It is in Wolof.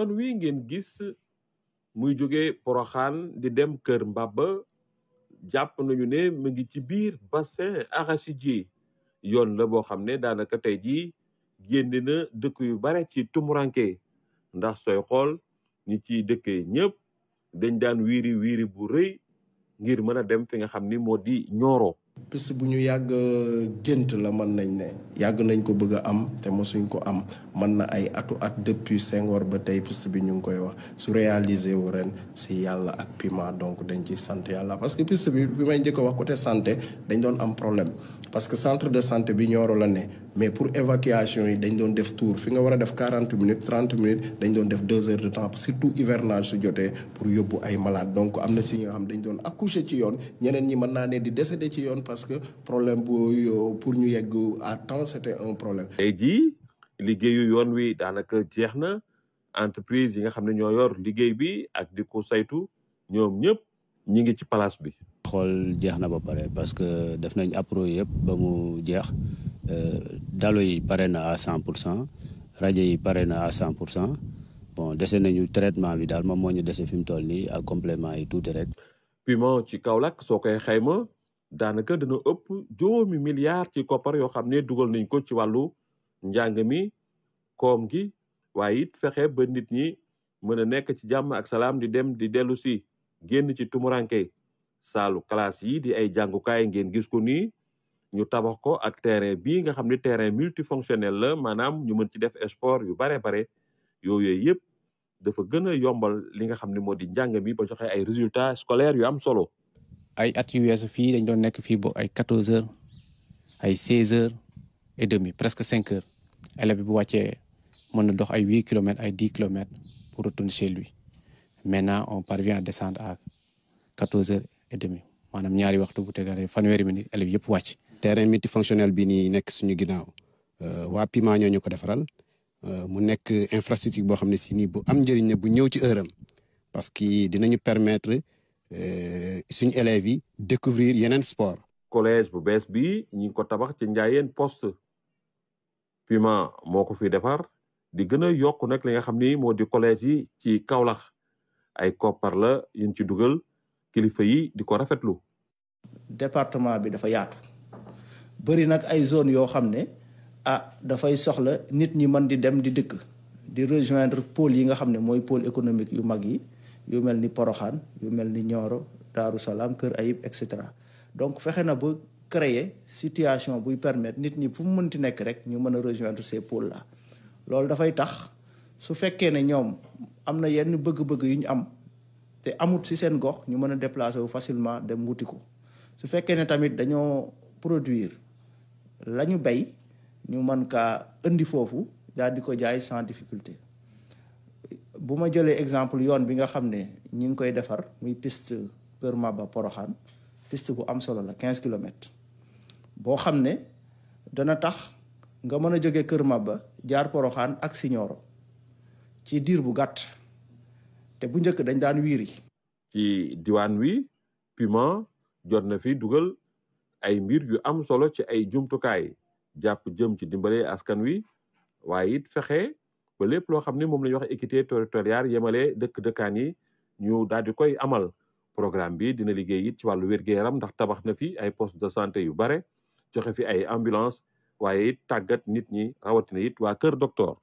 yoon wi ngeen gis muy jóge Poroxaan di dem Kër Mbaba jàpp nañu ne mu ngi ci biir bassin arachidier yoon la boo xam ne daanaka tey jii génn na dëkk yu bare ci tumuranke ndax sooy xool ñi ciy dëkkee ñëpp dañ daan wiiri wiiri bu rëy ngir mën a dem fi nga xam ni moo di Nioro piste bu ñu yàgg euh, gént la mën nañ ne yàgg nañ ko bëgg a am te mosuñ ko am mën na ay atu at depuis Senghor ba tey piste bi ñu ngi koy wax su réalisé wu ren si yàlla ak piment donc dañ ciy sant yàlla parce que piste bi bi may wax côté santé dañ doon am problème parce que centre de santé bi Nioro la ne mais pour évacuation yi dañ doon def tour fi nga war a def quarante minutes trente minutes dañ doon def deux heures de temps surtout hivernage su jotee pour yóbbu ay malade donc am na si nga xam dañ doon accoucher ci yoon ñeneen ñi mën naa ne di décédé ci yoon parce que problème bu euh, pour ñu yegg à temps c'était un problème. tey jii liggéeyu yoon wi daanaka jeex na entreprise yi nga xam ne ñoo yor liggéey bi ak di ko saytu ñoom ñëpp ñi ngi ci place bi. xool jeex na ba pare parce que def nañ appro yëpp ba mu jeex euh, dalo yi pare na cent pour cent rajo yi pare na cent pour cent bon dese nañu traitement bi daal moom moo ñu dese fi mu toll nii ak complément yi tuuti rek. piment ci Kaolack soo koy xayma. daanaka dina ëpp joomi milliards ci koppar yoo xam ne dugal nañ ko ci wàllu njàng mi koom gi waaye it fexe ba nit ñi mën a nekk ci jàmm ak salaam di dem di dellu si génn ci tumuranke saalu classe yi di ay jàngukaay ngeen gis ko nii ñu tabax ko ak terrain bii nga xam ne terrain multifonctionnel la maanaam ñu mën ci def sport yu bare bare yooyu yëpp dafa gën a yombal li nga xam ne moo di njàng mi ba joxe ay résultats scolaires yu am solo ay at yu weesu fii dañ doon nekk fii ba ay quatorze heures ay seize heures et demi presque cinq heures élève bu wàccee mën na dox ay huit kilomètres ay dix kilomètres pour retourner chez lui maintenant on parvient à descendre à quatorze heures et demi maanaam ñaari waxtu bu tegalee fanweeri minute élèves yëpp wàcc. terrain multifonctionnel bi nii nekk suñu ginnaaw euh, waa Pima ñoo ñu ko defaral euh, mu nekk infrastructure boo xam ne si nii bu am njëriñ ne bu ñëw ci heure am Euh, suñu élèves yi découvrir yeneen sport collège bu bees bi ñi ngi ko tabax ci Njaayeen post Puma moo ko fi defar di gën a yokk nag li nga xam ni moo di collège yi ci Kaolack ay koppar la yuñ ci dugal kilifa yi di ko rafetlu département bi dafa yaatu bëri nag ay zone yoo xam ne ah dafay soxla nit ñi mën di dem di dëkk di rejoindre pole yi nga xam ne mooy pôle économique yu mag yi yu mel ni Poroxaan yu mel ni Nioro Daaru Salaam Kër Ayib et donc fexe na ba créer situation buy permettre nit ñi fu mu mënti nekk rek ñu mën a rejoindre ces pôles la loolu dafay tax su fekkee ne ñoom am na yenn bëgg-bëgg yu ñu am te amut ci seen gox ñu mën a déplacer wu facilement dem wuti ko su fekkee ne tamit dañoo produire la ñu bay ñu mën kaa indi foofu daal di ko jaay sans difficulté bu ma jëlee exemple yoon bi nga xam ne ñu ngi koy defar muy piste Kër Maba Poroxaan piste bu am solo la quinze kilomètres boo xam ne dana tax nga mën a jóge Kër Maba jaar Poroxaan ak Siñooro ci diir bu gàtt te bu njëkk dañ daan wiiri ci diwaan wi Puma jot na fi dugal ay mbir yu am solo ci ay jumtukaay jàpp jëm ci dimbale askan wi waaye it fexe ba lépp loo xam ni moom la ñuy wax équité territoriale yemale dëkk dëkkaan yi ñu daal di koy amal programme bi dina liggéey it ci wàllu wér yaram ndax tabax na fi ay poste de santé yu bare joxe fi ay ambulance waaye it tàggat nit ñi rawatina it waa kër docteur